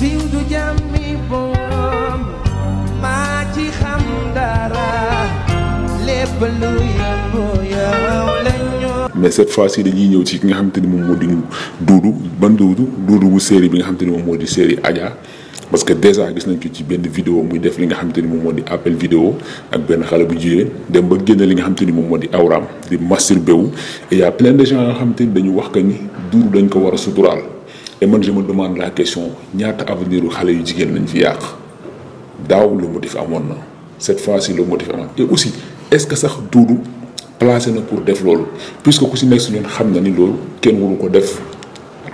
siiw du jàmmi boom maa ci xam dara lépp lu yëngu yow la ñu fois-ci dañuy ñëw ci ki nga xamante moom moo di duudu ban duudu duudu bu série bi nga xamante ni moom moo di série Adja parce que déjà gis nañ ko ci benn vidéo muy def li nga xamante ni moom moo di appel vidéo ak benn xale bu jigéen dem ba génne li nga xamante ni moom moo di awraam di masturbé wu et y a plein de gens yoo xamante ni dañu wax que ni duudu dañ ko war a suturaal. et man je me demande la question ñaata avenir u xale yu jigéen lañ fi yàq daaw le motif amoon na cette fois-ci le motif amoon et aussi est-ce que sax duudu placé na pour def loolu puisque ku si nekk si ñun xam na ni loolu kenn waru ko def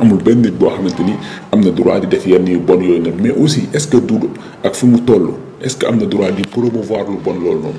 amul ben nit boo xamante ni am na droit di def yenn yu bon yooyu nag mais aussi est-ce que duudu ak fi mu est-ce que am na droit di promouvoir lu bon loolu noonu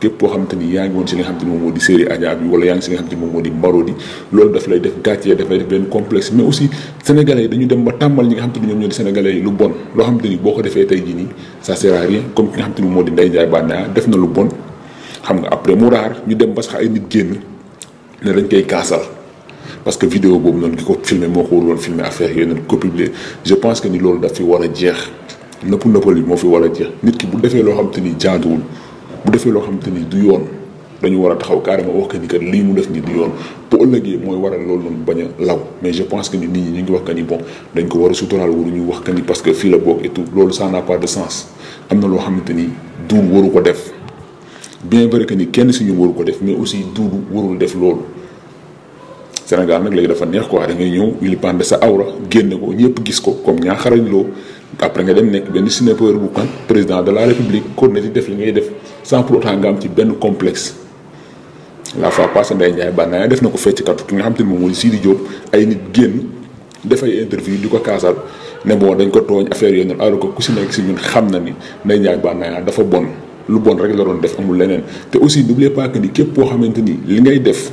képp koo xamante ni yaa ngi woon si nga xamante ni moom moo di série Adja bi wala yaa ngi si nga xamante ni moom moo di Marodi loolu daf lay def gàccee daf lay def benn complexe mais aussi sénégalais yi dañu dem ba tàmmal ñi nga xamante ni ñoom ñoo di sénégalais yi lu bon loo xamante ni boo ko defee tey jii nii ça sert à rien comme ki nga xamante ni moo di Ndeye Ndiaye Banaya def na lu bon xam nga après mu raar ñu dem ba sax ay nit génn ne dañ koy kaasal parce que vidéo boobu noonu ki ko filmé moo ko waroon filmé affaire yooyu ko publier je pense que ni loolu daf fi war a jeex nëpp nëppal yi moo fi war a jeex nit ki bu defee loo xamante ni jaaduwul bu defee loo xamante ni du yoon dañu war a taxaw carrément wax que ni lii mu def nii du yoon bu ëllëgee mooy waral loolu noonu bañ a law mais je pense que ni nit ñi ñu ngi wax que bon dañ ko war a suturaal waruñu wax que ni parce que fii la bokk et tout loolu ça n'a pas de sens am na loo xamante ni duur waru ko def bien vrai que ni kenn si ñu waru ko def mais aussi duuru warul def loolu. Sénégal nag léegi dafa neex quoi da ngay ñëw wilipande sa awra génne ko ñëpp gis ko comme ñaaxarañ loo après nga dem nekk benn snapper bu kan président de la république kon na di def li ngay def sans pour autant nga am ci benn complexe. la fois passée Ndeye Ndiaye bànnaay def na ko fecckat ki nga xam te ne moom mooy Sidi def ay interview ko kaasal ne bon dañ ko tooñ affaire yooyu noonu alors ko ku si nekk si ñun xam na ni Ndeye Ndiaye bànnaay dafa bon lu bon rek la doon def amul leneen te aussi n'oubliez pas képp koo xamante ni li ngay def.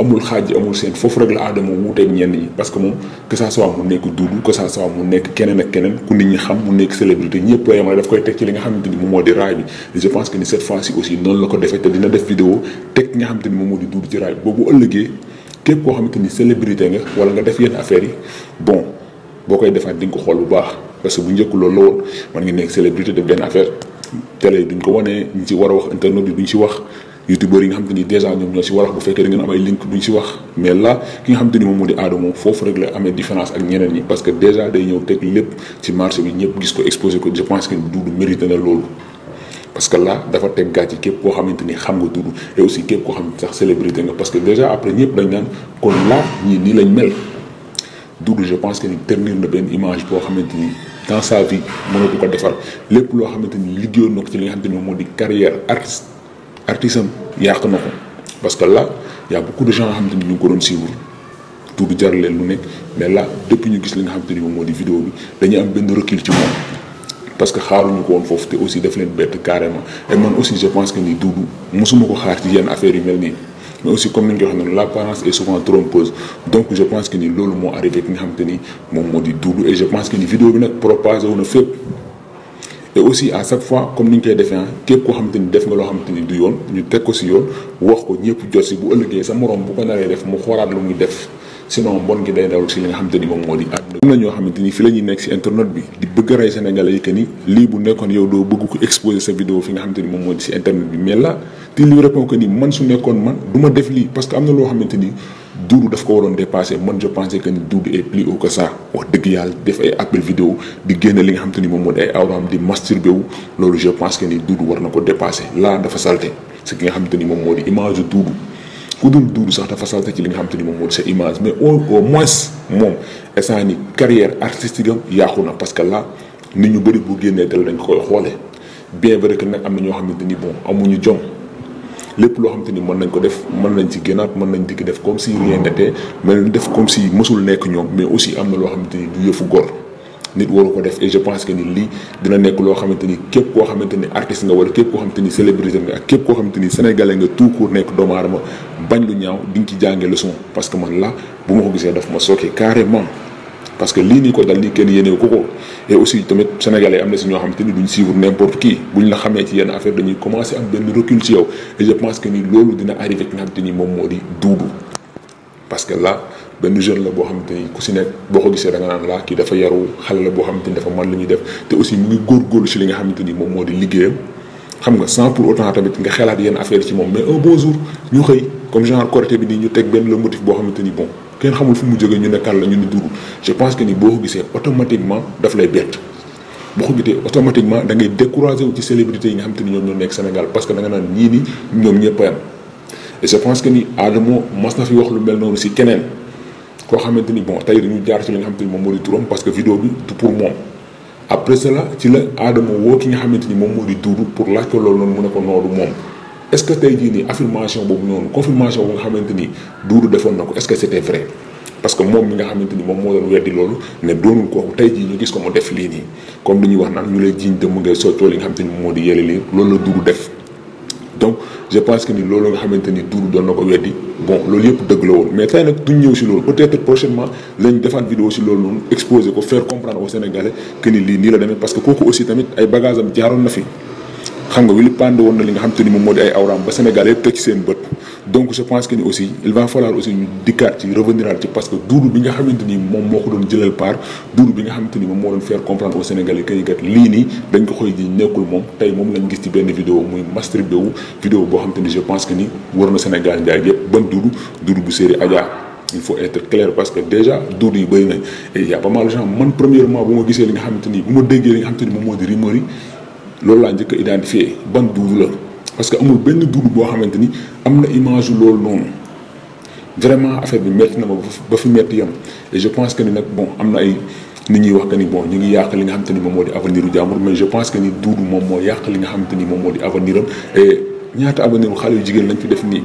amul xaaj amul sen fofu rek la aadama wuuteeg ñenn parce que mom que ça soit mu nekk Doudou que ça soit mu nekk keneen ak keneen ku nit ñi xam mu nekk célébrité ñepp la yemale daf koy teg ci li nga xamante ni moom moo di raay bi je pense que ni cette fois ci aussi non la ko defee te dina def vidéo teg nga xamante ni moom moo di Doudou ci raay bobu ëllëgé képp ko xamante ni célébrité nga wala nga def yeen affaires yi bon bokoy koy defaat di ko bu baax parce que bu njëkk loolu la woon man ngi nekk célébrité def bien affaire télé duñ ko wane ñu ci war wax internet bi duñ ci wax youtubeurs yi nga xam ñoo si a wax bu fekkee da ngeen am ay link duñ si wax mais là ki nga xam te ni moom la amee différence ak ñeneen képp koo xamante ni xam nga Doudou et aussi koo xamante sax célébrité nga parce que dèjà après ñëpp dañ naan kon là ñii nii lañ mel Doudou je pense que ni ternir na benn image boo xamante ni dans sa vie mënatu ko defar lépp loo xamante ni liggéeyoon na ko ci li nga xamante ni moom moo di carrière artiste artisan am yàq parce que là y' a beaucoup de gens qui xamante ni ñu ngi ko doon suivre tout bi lu mais là depuis ñu gis li nga xamante ni moom vidéo bi dañuy am benn recul ci parce que xaaruñu ko won foofu té aussi daf leen bête carrément et man aussi je pense que ni Doudou mosuma ko xaar ci yenn affaire yu melni mais aussi comme ni nga ko l'apparence est souvent trompeuse donc je pense que ni lolu mo arrivé ki nga xamante ni moom Doudou et je pense que ni vidéo bi nak propagé wu na fépp et aussi à chaque fois comme ni ñu koy defee hein képp ko xamante ni def nga lo xamante du yoon ñu teg ko si yoon wax ko ñepp jot si bu ëllëgee sa morom bu ko naree def mu xoraat lu muy def sinon mbon gi day daw si li nga xamante ni moom moo di àdduna. am na ñoo a rey sénégalais yi que ni lii bu ko exposer sa vidéo fi nga moo di si internet bi mais là te lui répond que loo xamante ni Doudou daf ko waroon dépassé ni Doudou est plus haut que ça ay appel vidéo génne li nga xamante ni moom moo di ay awraam di masturbé wu loolu je pense que ni war na ko dépassé là dafa salté ce ki nga xamante ni moom moo di image Doudou ku dul duudu sax dafa salte ci li nga xam te ni moom moo di sa image mais au au moins moom instant ni carrière artistique am yàqu na parce que là nit ñu bëri bu génnee dal dañ koy xoolee bien vrai que nag am na ñoo xam xamante ni bon amuñu jom lépp loo xamante ni mën nañ ko def mën nañ ci génnaat mën nañ dikk def comme si rien n'était mais def comme si mësul nekk ñoom mais aussi am na loo xamante ni du yëfu góor nit waru ko def et je pense que ni li dina nek lo xamante ni ko koo artiste nga wala képp ko xamante ni célébrité nga ak képp ko xamante sénégalais nga tout court nek doomu aadama bañ lu ñaaw di nga ci jànge leçon parce que man là bu ma ko gisee daf ma sooke carrément parce que li ni ko dal li kenn yéenewu ko ko et aussi tamit sénégalais amna ci ño ñoo duñ suivre n'importe qui buñ la xamé ci yene affaire dañuy commencer am benn recul ci yow et je pense que ni lolu dina arrivé ci nga xamante ni moom moo di Doudou parce que là benn jeune la boo xamante ni ku si nekk boo ko gisee da nga naan laa kii dafa yaru xale la boo xamante ni dafa mën li def te aussi mu ngi góorgóorlu si li nga moo di liggéeyam xam nga sans pour autant tamit nga xelaat yenn affaire ci moom mais un bon jour ñu xëy comme genre boo xamante ni bon kenn xamul fu mu ne kan la ñu ni duru je pense que da ngay découragé wu ci célébrité yi nga xamante ni ñoom ñoo nekk Sénégal parce que a yam et pense que ni Adamo mas na fi wax lu mel noonu si keneen koo xamante ni bon tey dañu jaar ci li nga xamante ni moom moo di turam parce que vidéo bi du pour moom après cela ci la aadama woo ki nga xamante ni moom moo di duudu pour laaj ko loolu noonu mu ne ko noodu moom est-ce que tey jii nii affirmation boobu noonu confirmation bu nga xamante duudu defoon na ko est-ce que c'était vrai parce que moom mi nga xamante moom moo doon weddi loolu ne doonul kooku tey jii ñu gis ko mu def lii nii comme li ñuy wax naan ñu lay jiiñ te mu ngay soccoo li nga je pense que ni loolu nga xamante ni duuru doon na ko bon loolu yëpp dëgg la mais tey nag duñ ñëw si loolu peut-être prochainement lañ defaat vidéo si loolu noonu exposer ko faire comprendre aux Sénégalais que ni lii la demee parce que kooku aussi tamit ay bagages am jaaroon na fi xam nga wilipande woon na li nga xam te ni moom moo di ay awraam ba Sénégal yëpp teg ci seen bët donc je pense que ni aussi il va falloir aussi ñu dikkaat ci revenir ci parce que duudu bi nga xamante ni moom moo ko doon jëlal part duudu bi nga xamante ni moom moo doon faire comprendre au Sénégalais que ni kat lii nii dañ ko xoy di nekkul moom tey moom lañ gis ci benn vidéo muy masturbé wu vidéo boo xam te ni je pense que ni war na Sénégal njaay yëpp ban duudu duudu bu série aja il faut être clair parce que déjà duud yi bëri nañ et il y a pas mal de gens man premièrement bu ma gisee li nga xamante ni bu ma déggee li nga xamante ni moom moo di rumeur yi loolu laa njëkk a identifié ban duudu la parce que amul benn duudu boo xamante ni am na image loolu noonu vraiment affaire bi métti na ma ba fi métti yam et je pense que ni nag bon am na ay nit ñuy wax que ni bon ñu ngi yàq li nga xamante ni moom moo di avenir u jàmbur mais je pense que ni duudu moom moo yàq li nga xamante ni moom moo di avenir am et ñaata avenir u xale yu jigéen lañ fi def nii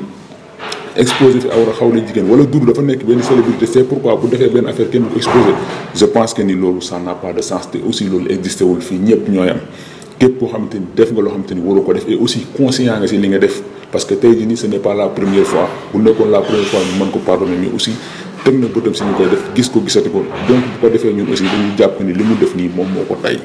exposé fi awra xaw na jigéen wala duudu dafa nekk benn célébrité c'est pourquoi bu defee benn affaire kenn du exposé je pense que ni loolu ça n'a pas de sens te aussi loolu existé wul fii ñëpp ñooy am képp koo xamante ni def nga loo xamante ni waroo ko def et aussi conscient nga si li nga def parce que tey jii nii ce n'est pas la première fois bu nekkoon la première fois ñu mën ko pardonner mais aussi teg na bëtam si ñu koy def gis ko gisati ko donc bu ko defee ñun aussi dañuy jàpp ni li mu def nii moom moo ko tey